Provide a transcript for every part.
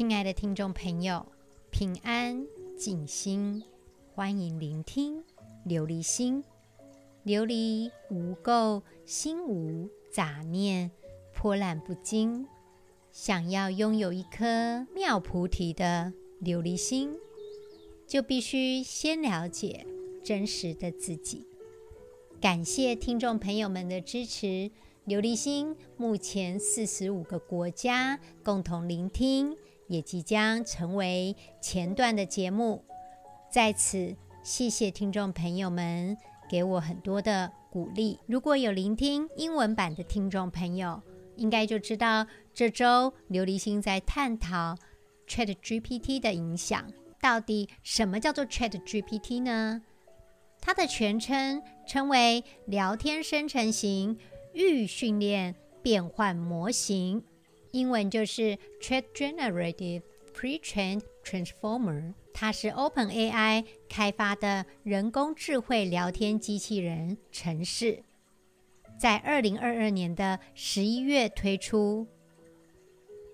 親愛的聽眾朋友，平安靜心，歡迎聆聽琉璃心。琉璃無垢，心無雜念，波瀾不驚。想要擁有一顆妙菩提的琉璃心，就必須先了解真實的自己。感謝聽眾朋友們的支持。琉璃心目前四十五個國家共同聆聽。也即將成為前段的節目，在此謝謝聽眾朋友們給我很多的鼓勵。如果有聆聽英文版的聽眾朋友，應該就知道這周琉璃心在探討 ChatGPT 的影響。到底什麼叫做 ChatGPT 呢？它的全稱稱為聊天生成型預訓練變換模型。英文就是 Chat Generative Pre-trained Transformer，它是 OpenAI 開發的人工智慧聊天機器人城市，在二零二二年的十一月推出。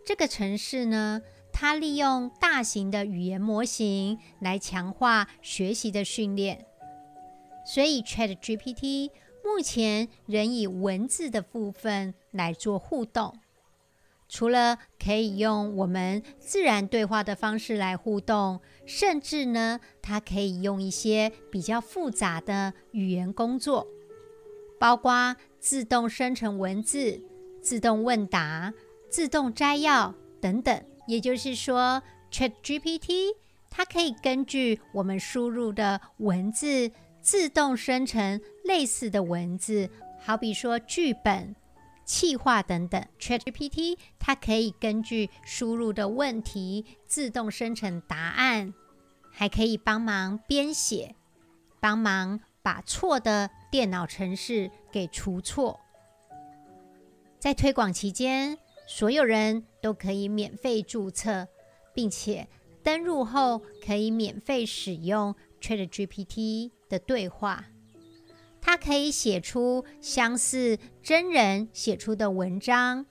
這個城市呢，它利用大型的語言模型來強化學習的訓練，所以 Chat GPT 目前仍以文字的部分來做互動。除了可以用我們自然對話的方式來互動，甚至呢，它可以用一些比較複雜的語言工作，包括自動生成文字、自動問答、自動摘要等等。也就是說，ChatGPT，它可以根據我們輸入的文字，自動生成類似的文字，好比說劇本。企劃等等，ChatGPT 它可以根據輸入的問題自動生成答案，還可以幫忙編寫，幫忙把錯的電腦程式給除錯。在推廣期間，所有人都可以免費註冊，並且登入後可以免費使用 ChatGPT 的對話。他可以寫出相似真人寫出的文章，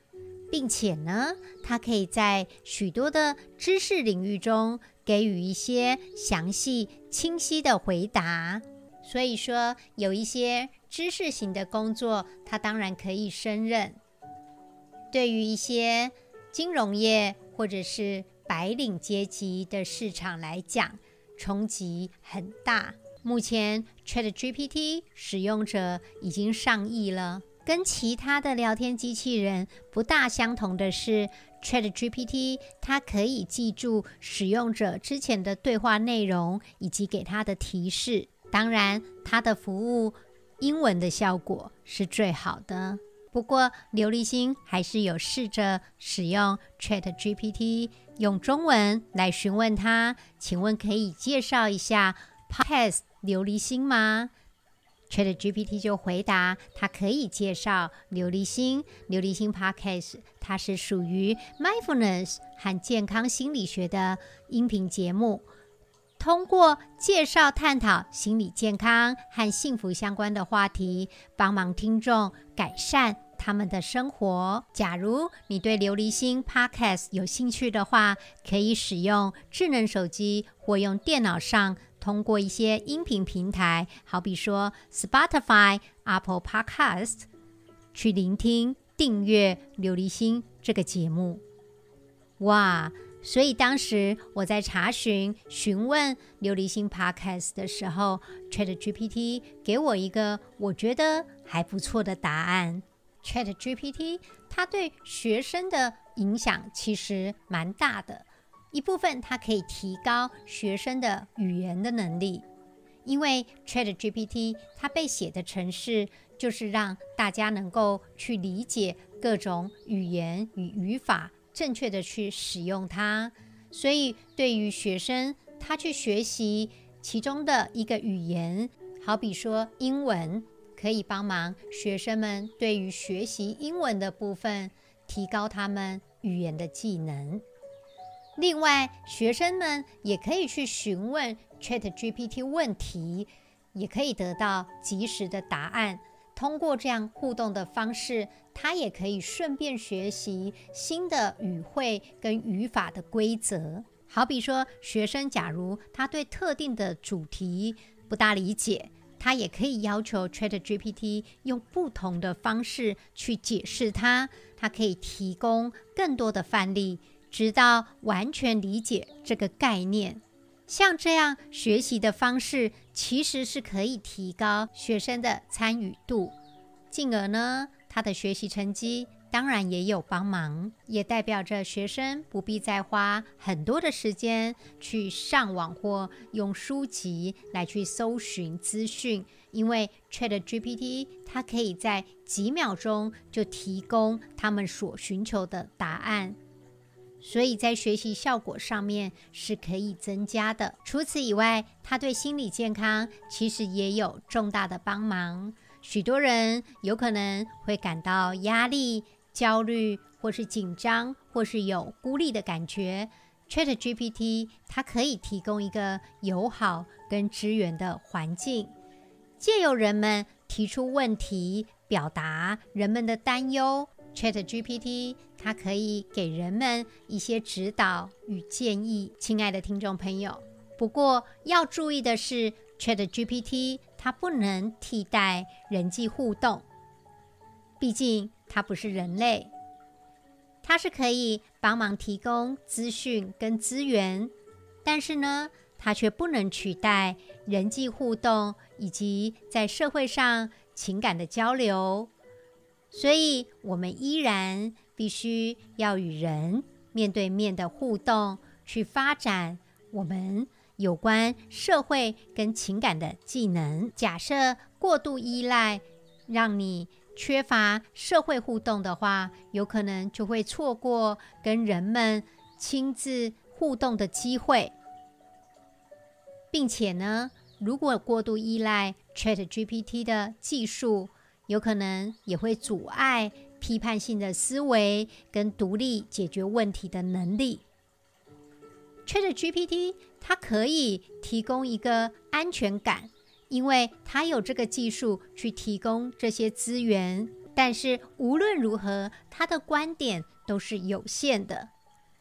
並且呢，他可以在許多的知識領域中給予一些詳細清晰的回答。所以說，有一些知識型的工作，他當然可以勝任。對於一些金融業或者是白領階級的市場來講，衝擊很大。目前 ChatGPT 使用者已經上億了。跟其他的聊天機器人不大相同的是，ChatGPT 它可以記住使用者之前的對話內容以及給它的提示。當然，它的服務英文的效果是最好的。不過，琉璃心還是有試着使用 ChatGPT 用中文來詢問它，請問可以介紹一下 podcast？琉璃心嗎？ChatGPT 就回答，它可以介紹琉璃心。琉璃心 Podcast 它是屬於 Mindfulness 和健康心理學的音頻節目，通過介紹、探討心理健康和幸福相關的話題，幫忙聽眾改善他們的生活。假如你對琉璃心 Podcast 有興趣的話，可以使用智能手機或用電腦上。通過一些音頻平台，好比說 Spotify、Apple Podcast，去聆聽、訂閱《琉璃心》這個節目。哇，所以當時我在查詢、詢問《琉璃心》Podcast 的時候，ChatGPT 給我一個我覺得還不錯的答案。ChatGPT 它對學生的影響其實蠻大的。一部分，它可以提高學生的語言的能力，因為 ChatGPT 它被寫的程式就是讓大家能夠去理解各種語言與語法，正確的去使用它。所以，對於學生，他去學習其中的一個語言，好比說英文，可以幫忙學生們對於學習英文的部分，提高他們語言的技能。另外，學生們也可以去詢問 ChatGPT 問題，也可以得到即時的答案。通過這樣互動的方式，他也可以順便學習新的語彙跟語法的規則。好比說，學生假如他對特定的主題不大理解，他也可以要求 ChatGPT 用不同的方式去解釋它，它可以提供更多的範例。直到完全理解這個概念，像這樣學習的方式其實是可以提高學生的參與度，進而呢，他的學習成績當然也有幫忙，也代表着學生不必再花很多的時間去上網或用書籍來去搜尋資訊，因為 ChatGPT 它可以在幾秒鐘就提供他們所尋求的答案。所以在學習效果上面是可以增加的。除此以外，它對心理健康其實也有重大的幫忙。許多人有可能會感到壓力、焦慮，或是緊張，或是有孤立的感覺。ChatGPT 它可以提供一個友好跟支援的環境，借由人們提出問題、表達人們的擔憂。ChatGPT 它可以給人們一些指導與建議，親愛的聽眾朋友。不過要注意的是，ChatGPT 它不能替代人際互動，畢竟它不是人類。它是可以幫忙提供資訊跟資源，但是呢，它卻不能取代人際互動以及在社會上情感的交流。所以，我們依然必須要與人面對面的互動，去發展我們有關社會跟情感的技能。假設過度依賴，讓你缺乏社會互動的話，有可能就會錯過跟人們親自互動的機會，並且呢，如果過度依賴 ChatGPT 的技術，有可能也會阻礙批判性的思維跟獨立解決問題的能力。ChatGPT 它可以提供一個安全感，因為它有這個技術去提供這些資源。但是無論如何，它的觀點都是有限的，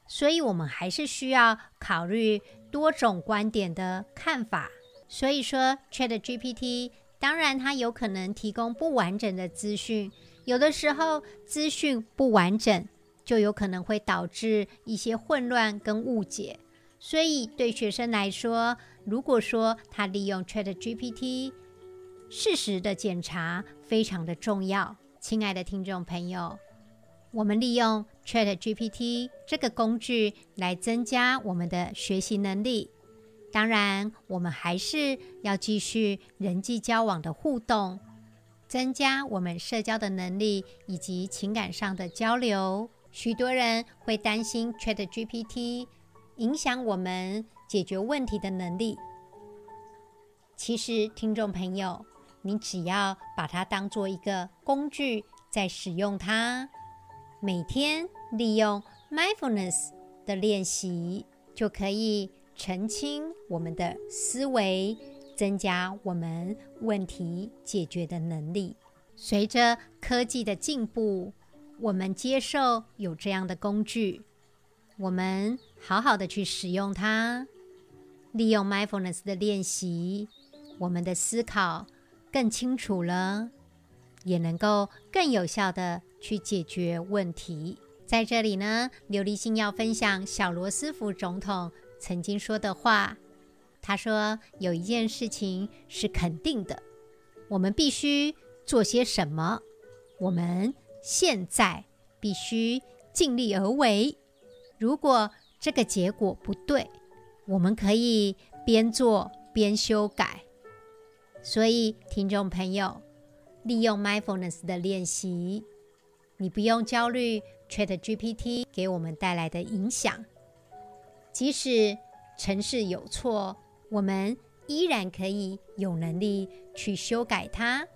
所以我們還是需要考慮多種觀點的看法。所以說，ChatGPT。當然，它有可能提供不完整的資訊，有的時候資訊不完整，就有可能會導致一些混亂跟誤解。所以，對學生來說，如果說他利用 ChatGPT，事實的檢查非常的重要。親愛的聽眾朋友，我們利用 ChatGPT 這個工具來增加我們的學習能力。當然，我們還是要繼續人際交往的互動，增加我們社交的能力以及情感上的交流。許多人會擔心 ChatGPT 影響我們解決問題的能力。其實，聽眾朋友，你只要把它當做一個工具在使用它，每天利用 Mindfulness 的練習，就可以。澄清我們的思維，增加我們問題解決的能力。隨着科技的進步，我們接受有這樣的工具，我們好好的去使用它。利用 mindfulness 的練習，我們的思考更清楚了，也能夠更有效的去解決問題。在這裡呢，琉璃心要分享小羅斯福總統。曾經說的話，他說有一件事情是肯定的，我們必須做些什麼。我們現在必須盡力而為。如果這個結果不對，我們可以邊做邊修改。所以，聽眾朋友，利用 mindfulness 的練習，你不用焦慮 ChatGPT 給我們帶來的影響。即使程式有錯，我們依然可以有能力去修改它。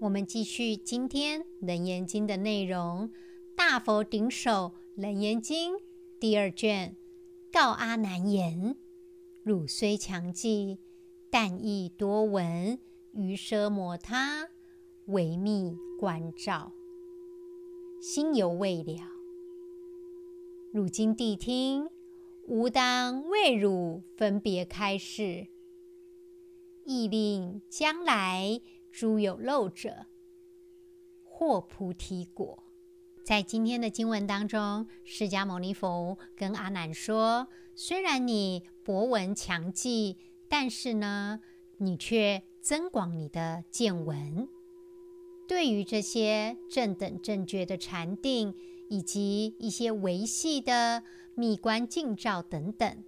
我們繼續今天《楞嚴經》的內容，《大佛頂首楞嚴經》第二卷，告阿難言：汝雖強記，但亦多聞，於奢摩他，微密觀照，心猶未了。汝今諦聽。吾當為汝分別開示，意令將來諸有漏者獲菩提果。在今天的經文當中，釋迦牟尼佛跟阿難說：雖然你博聞強記，但是呢，你卻增廣你的見聞。對於這些正等正覺的禪定。以及一些微細的密觀靜照等等，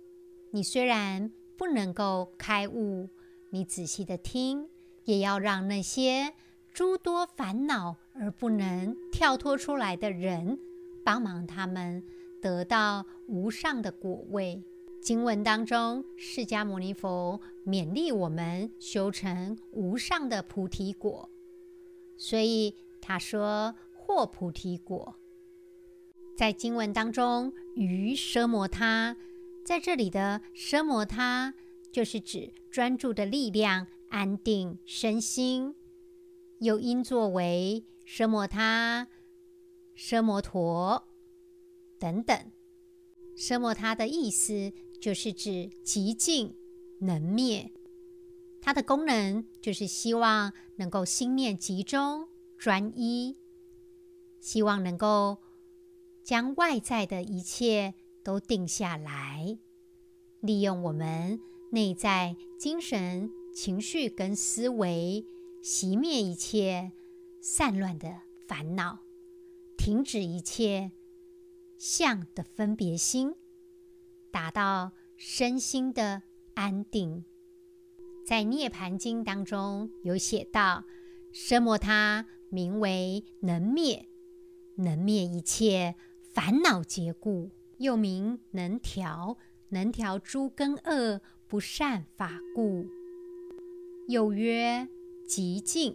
你雖然不能夠開悟，你仔細的聽，也要讓那些諸多煩惱而不能跳脫出來的人，幫忙他們得到無上的果位。經文當中，釋迦牟尼佛勉勵我們修成無上的菩提果，所以他說獲菩提果。在經文當中，“於奢摩他”在這裡的“奢摩他”就是指專注的力量，安定身心。又應作為“奢摩他”、“奢摩陀”等等，“奢摩他”的意思就是指極盡能滅。他的功能就是希望能夠心念集中、專一，希望能夠。將外在的一切都定下來，利用我們內在精神、情緒跟思維，熄滅,滅一切散亂的煩惱，停止一切相的分別心，達到身心的安定。在《涅槃經》當中有寫到，奢摩他名為能滅，能滅一切。”煩惱結故，又名能調，能調諸根惡不善法故；又曰極靜，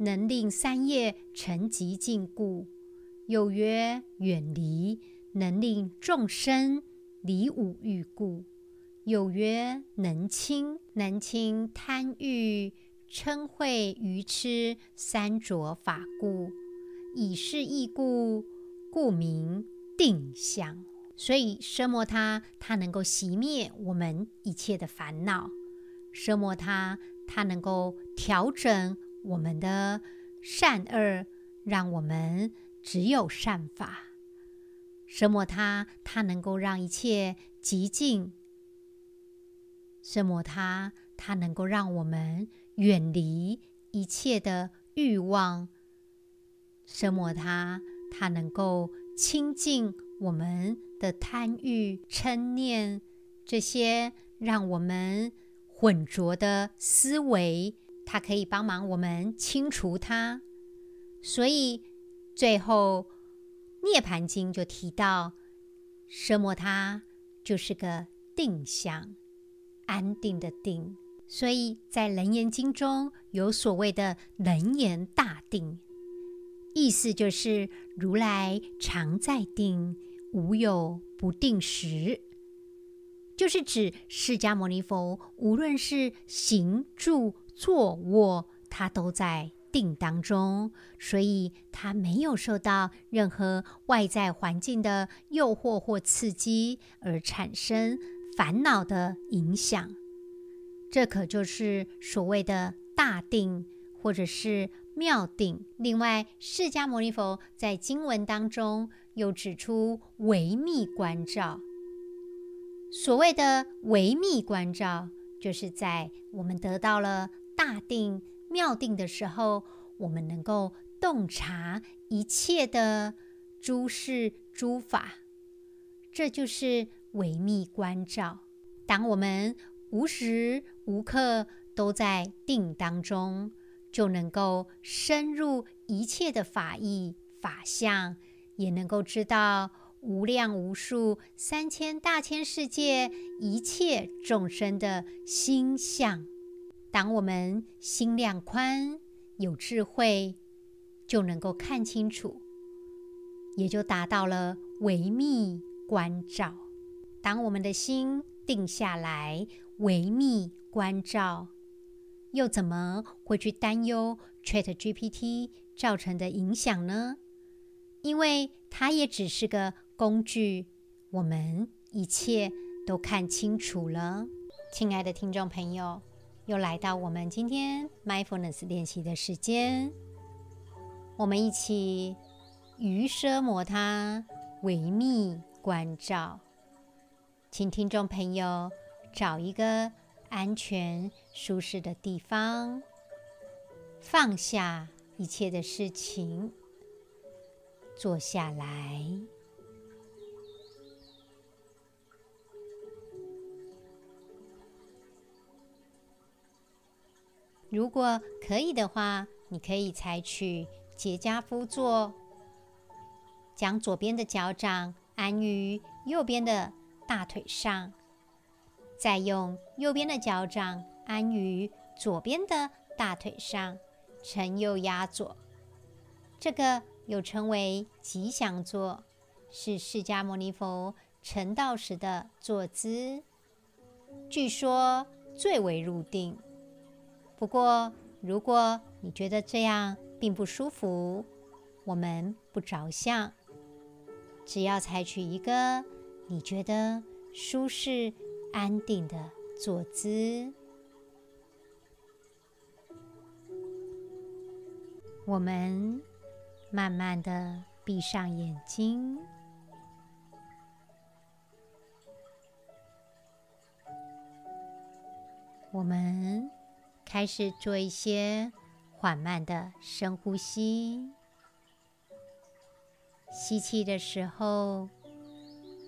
能令三業成極靜故；又曰遠離，能令眾生離五欲故；又曰能清，能清貪欲、嗔恚、愚痴三濁法故，以是義故。故名定相。所以奢摩他，它能夠熄滅我們一切的煩惱；奢摩他，他能夠調整我們的善惡，讓我們只有善法；奢摩他，他能夠讓一切寂靜。奢摩他，他能夠讓我們遠離一切的慾望；奢摩他。它能夠清淨我們的貪欲、嗔念，這些讓我們混濁的思維，它可以幫忙我們清除它。所以最後《涅槃經》就提到，奢摩他就是個定向，安定的定。所以在《楞嚴經》中有所謂的“楞嚴大定”。意思就是，如來常在定，無有不定時。就是指釋迦牟尼佛，無論是行、住、坐、臥，他都在定當中，所以他沒有受到任何外在環境的誘惑或刺激而產生煩惱的影響。這可就是所謂的大定，或者是。妙定。另外，釋迦牟尼佛在經文當中又指出微密觀照。所謂的微密觀照，就是在我們得到了大定、妙定的時候，我們能夠洞察一切的諸事、諸法，這就是微密觀照。當我們無時無刻都在定當中。就能夠深入一切的法義法相，也能夠知道無量無數三千大千世界一切眾生的心相。當我們心量寬、有智慧，就能夠看清楚，也就達到了微密觀照。當我們的心定下來，微密觀照。又怎麼會去擔憂 ChatGPT 造成的影響呢？因為它也只是個工具，我們一切都看清楚了。親愛的聽眾朋友，又來到我們今天 mindfulness 練習的時間，我們一起余奢摩他，微密觀照，請聽眾朋友找一個安全。舒適的地方，放下一切的事情，坐下來。如果可以的話，你可以採取結跏趺坐，將左邊的腳掌安於右邊的大腿上，再用右邊的腳掌。安於左邊的大腿上，承右壓左，這個又稱為吉祥坐，是釋迦牟尼佛成道時的坐姿。據說最為入定。不過，如果你覺得這樣並不舒服，我們不着相，只要採取一個你覺得舒適、安定的坐姿。我們慢慢的閉上眼睛，我們開始做一些緩慢的深呼吸。吸氣的時候，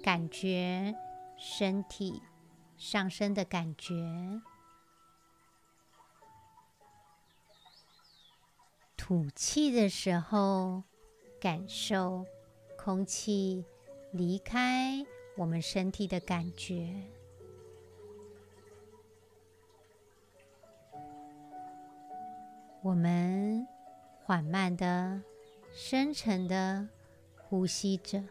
感覺身體上升的感覺。吐氣的時候，感受空氣離開我們身體的感覺。我們緩慢的、深沉的呼吸着。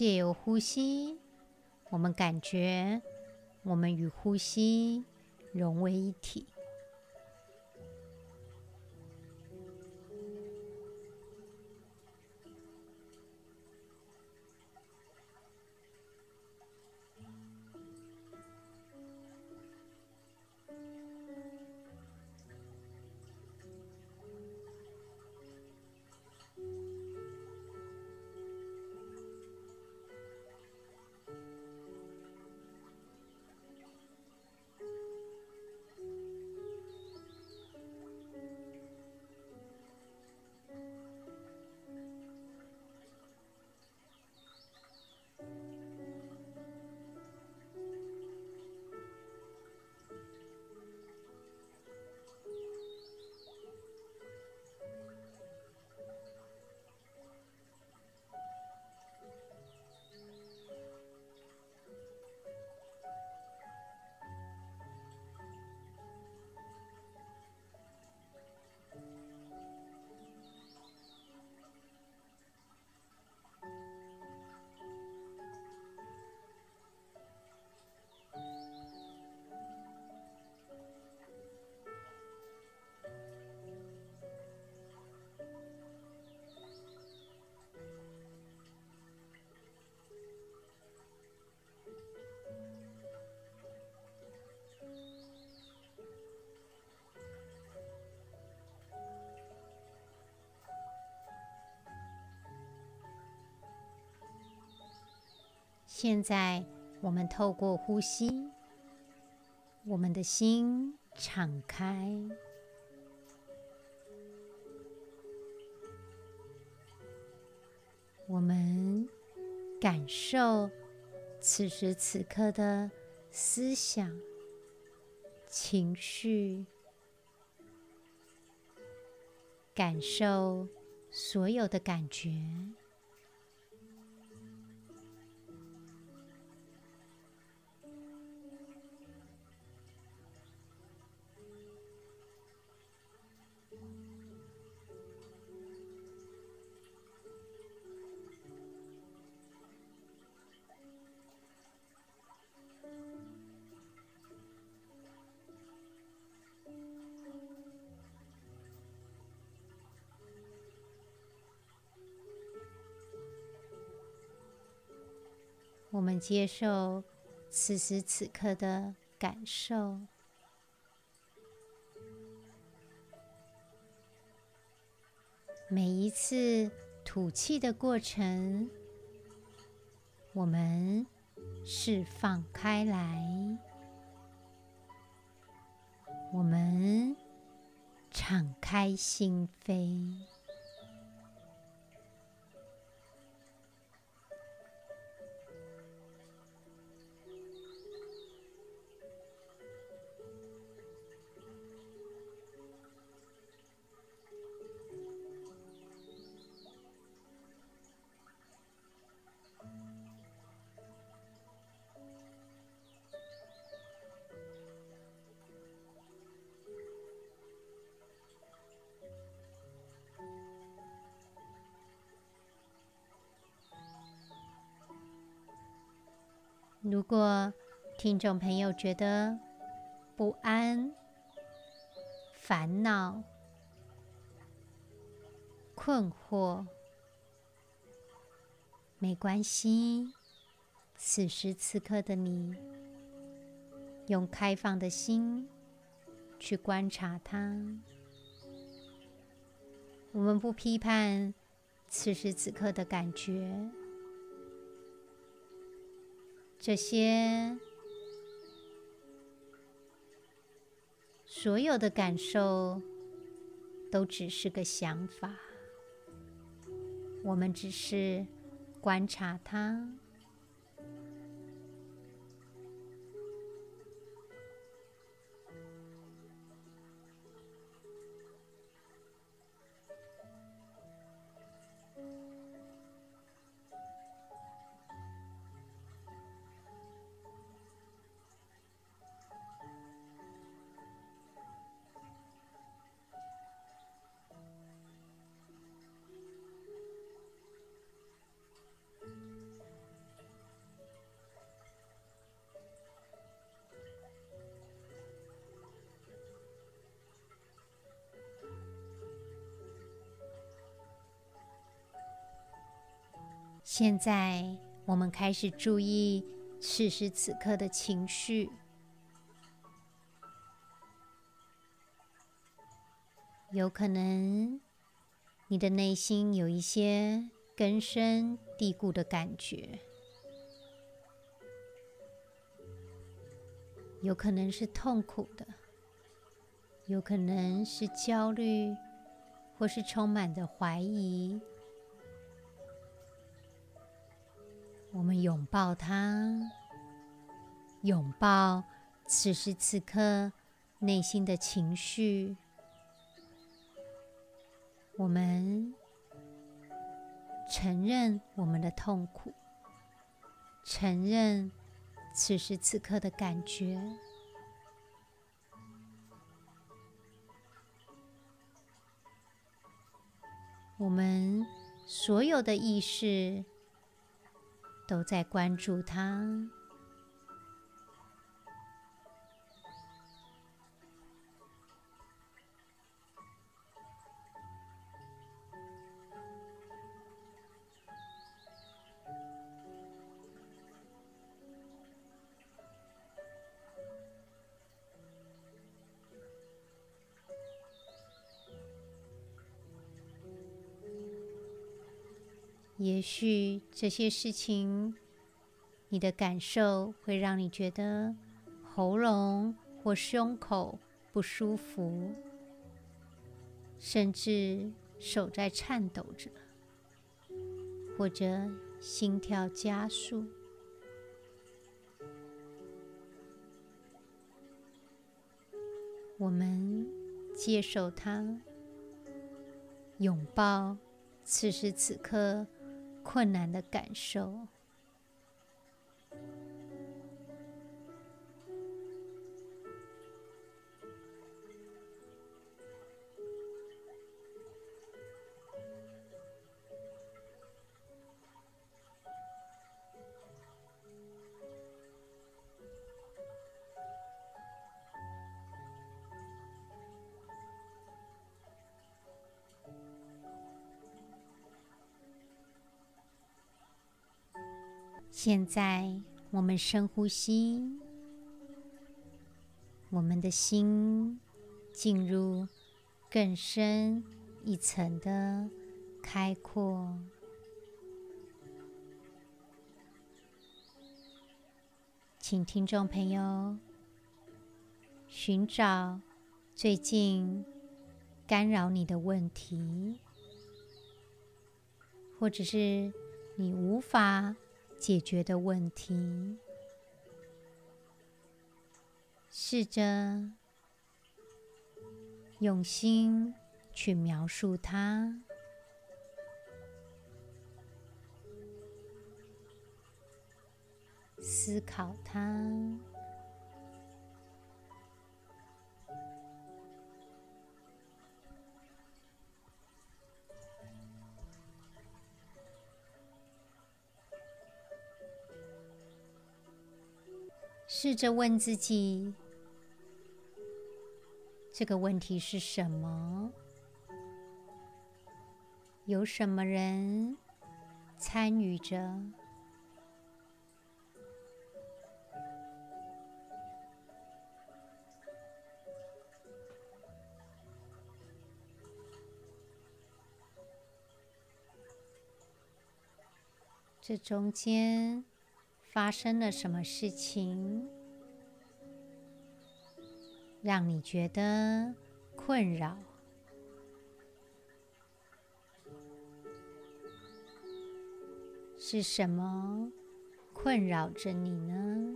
借由呼吸，我們感覺我們與呼吸融為一體。現在，我們透過呼吸，我們的心敞開，我們感受此時此刻的思想、情緒，感受所有的感覺。我們接受此時此刻的感受，每一次吐氣的過程，我們釋放開來，我們敞開心扉。如果聽眾朋友覺得不安、煩惱、困惑，沒關係，此時此刻的你，用開放的心去觀察它。我們不批判此時此刻的感覺。這些所有的感受都只是個想法，我們只是觀察它。現在我們開始注意此時此刻的情緒。有可能你的內心有一些根深蒂固的感覺，有可能是痛苦的，有可能是焦慮，或是充滿着懷疑。我們擁抱它，擁抱此時此刻內心的情緒。我們承認我們的痛苦，承認此時此刻的感覺。我們所有的意識，都在關注他。也許這些事情，你的感受會讓你覺得喉嚨或胸口不舒服，甚至手在顫抖着，或者心跳加速。我們接受它，擁抱此時此刻。困難的感受。現在我們深呼吸，我們的心進入更深一層的開闊。請聽眾朋友尋找最近干擾你的問題，或者是你無法解決的問題，試着用心去描述它，思考它。試着問自己：這個問題是什麼？有什麼人參與着？這中間發生了什麼事情，讓你覺得困擾？是什麼困擾着你呢？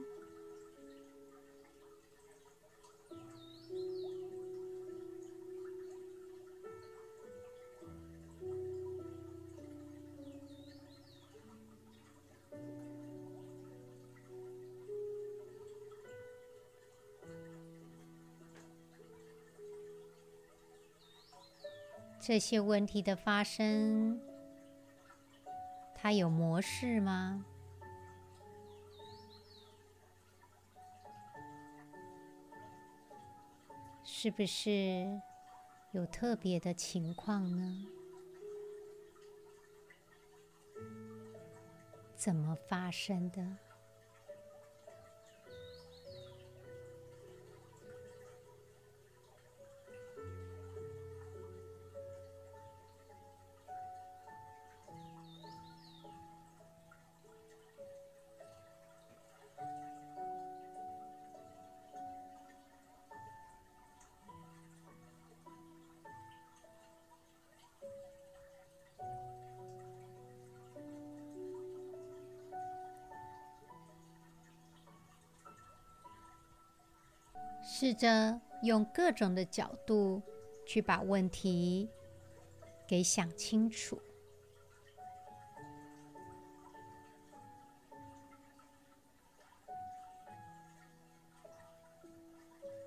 這些問題的發生，它有模式嗎？是不是有特別的情況呢？怎麼發生的？試着用各種的角度去把問題給想清楚。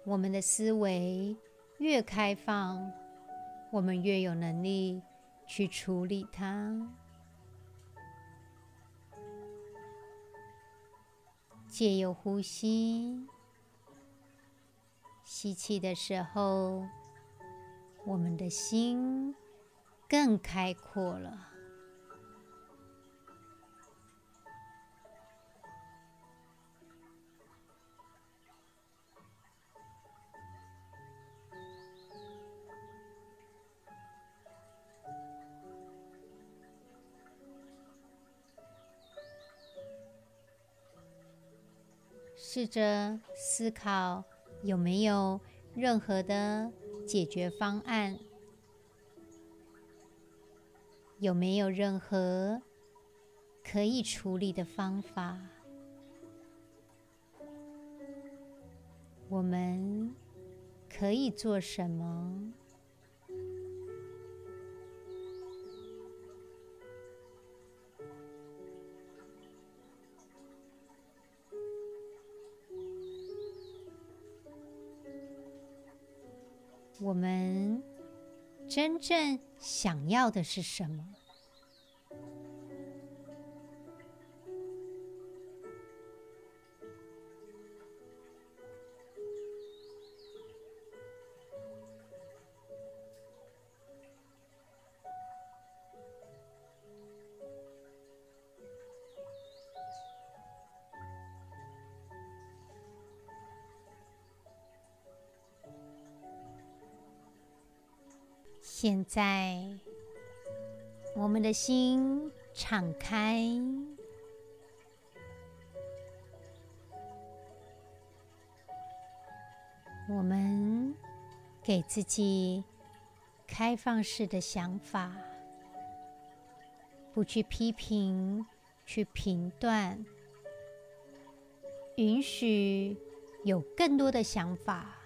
我們的思維越開放，我們越有能力去處理它。借由呼吸。吸氣的時候，我們的心更開闊了。試着思考。有沒有任何的解決方案？有沒有任何可以處理的方法？我們可以做什麼？我們真正想要的是什麼？現在，我們的心敞開，我們給自己開放式的想法，不去批評，去評斷，允許有更多的想法。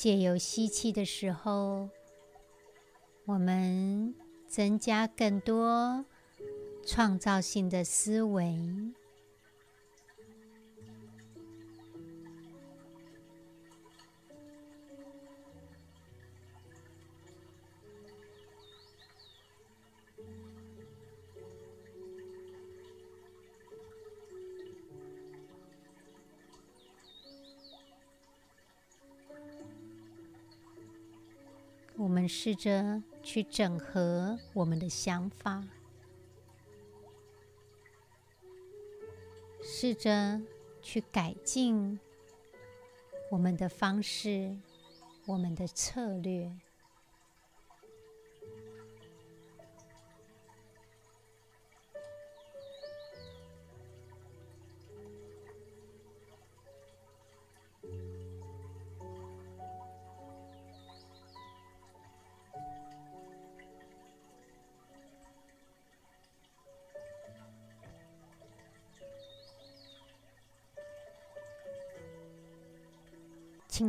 借由吸氣的時候，我們增加更多創造性的思維。我們試着去整合我們的想法，試着去改進我們的方式，我們的策略。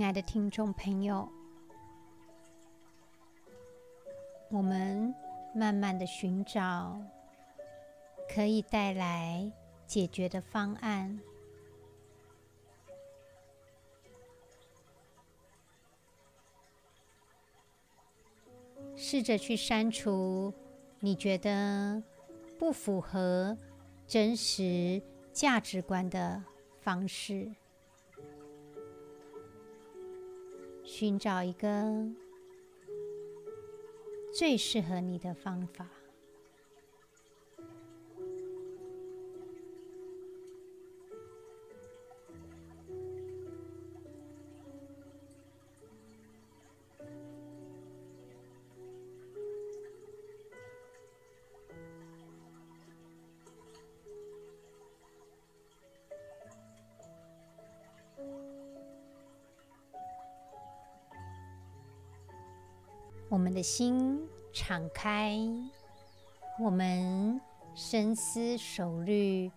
親愛的聽眾朋友，我們慢慢的尋找可以帶來解決的方案，試着去刪除你覺得不符合真實價值觀的方式。尋找一個最適合你的方法。心敞開，我們深思熟慮，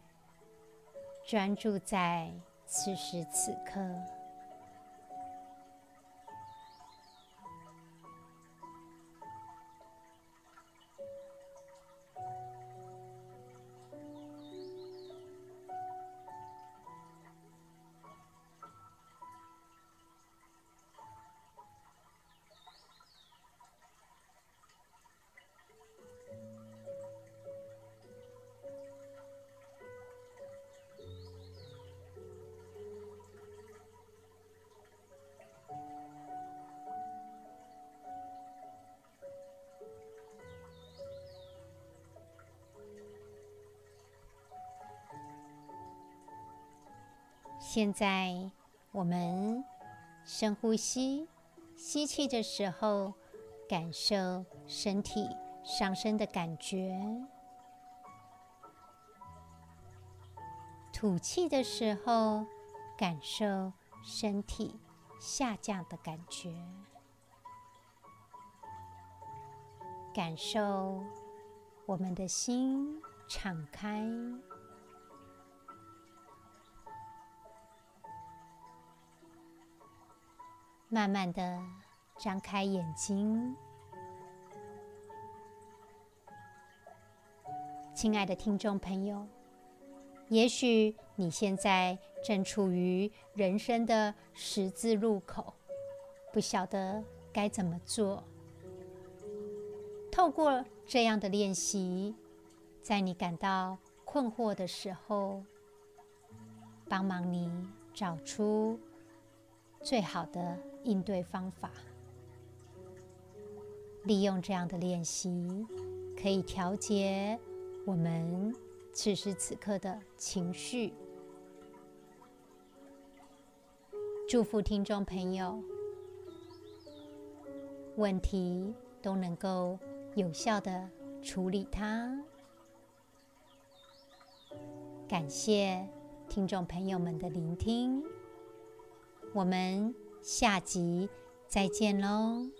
專注在此時此刻。現在，我們深呼吸，吸氣的時候，感受身體上升的感覺；吐氣的時候，感受身體下降的感覺。感受我們的心敞開。慢慢的張開眼睛，親愛的聽眾朋友，也許你現在正處於人生的十字路口，不曉得該怎麼做。透過這樣的練習，在你感到困惑的時候，幫忙你找出最好的。應對方法，利用這樣的練習，可以調節我們此時此刻的情緒。祝福聽眾朋友，問題都能夠有效的處理它。感謝聽眾朋友們的聆聽，我們。下集再見嘍。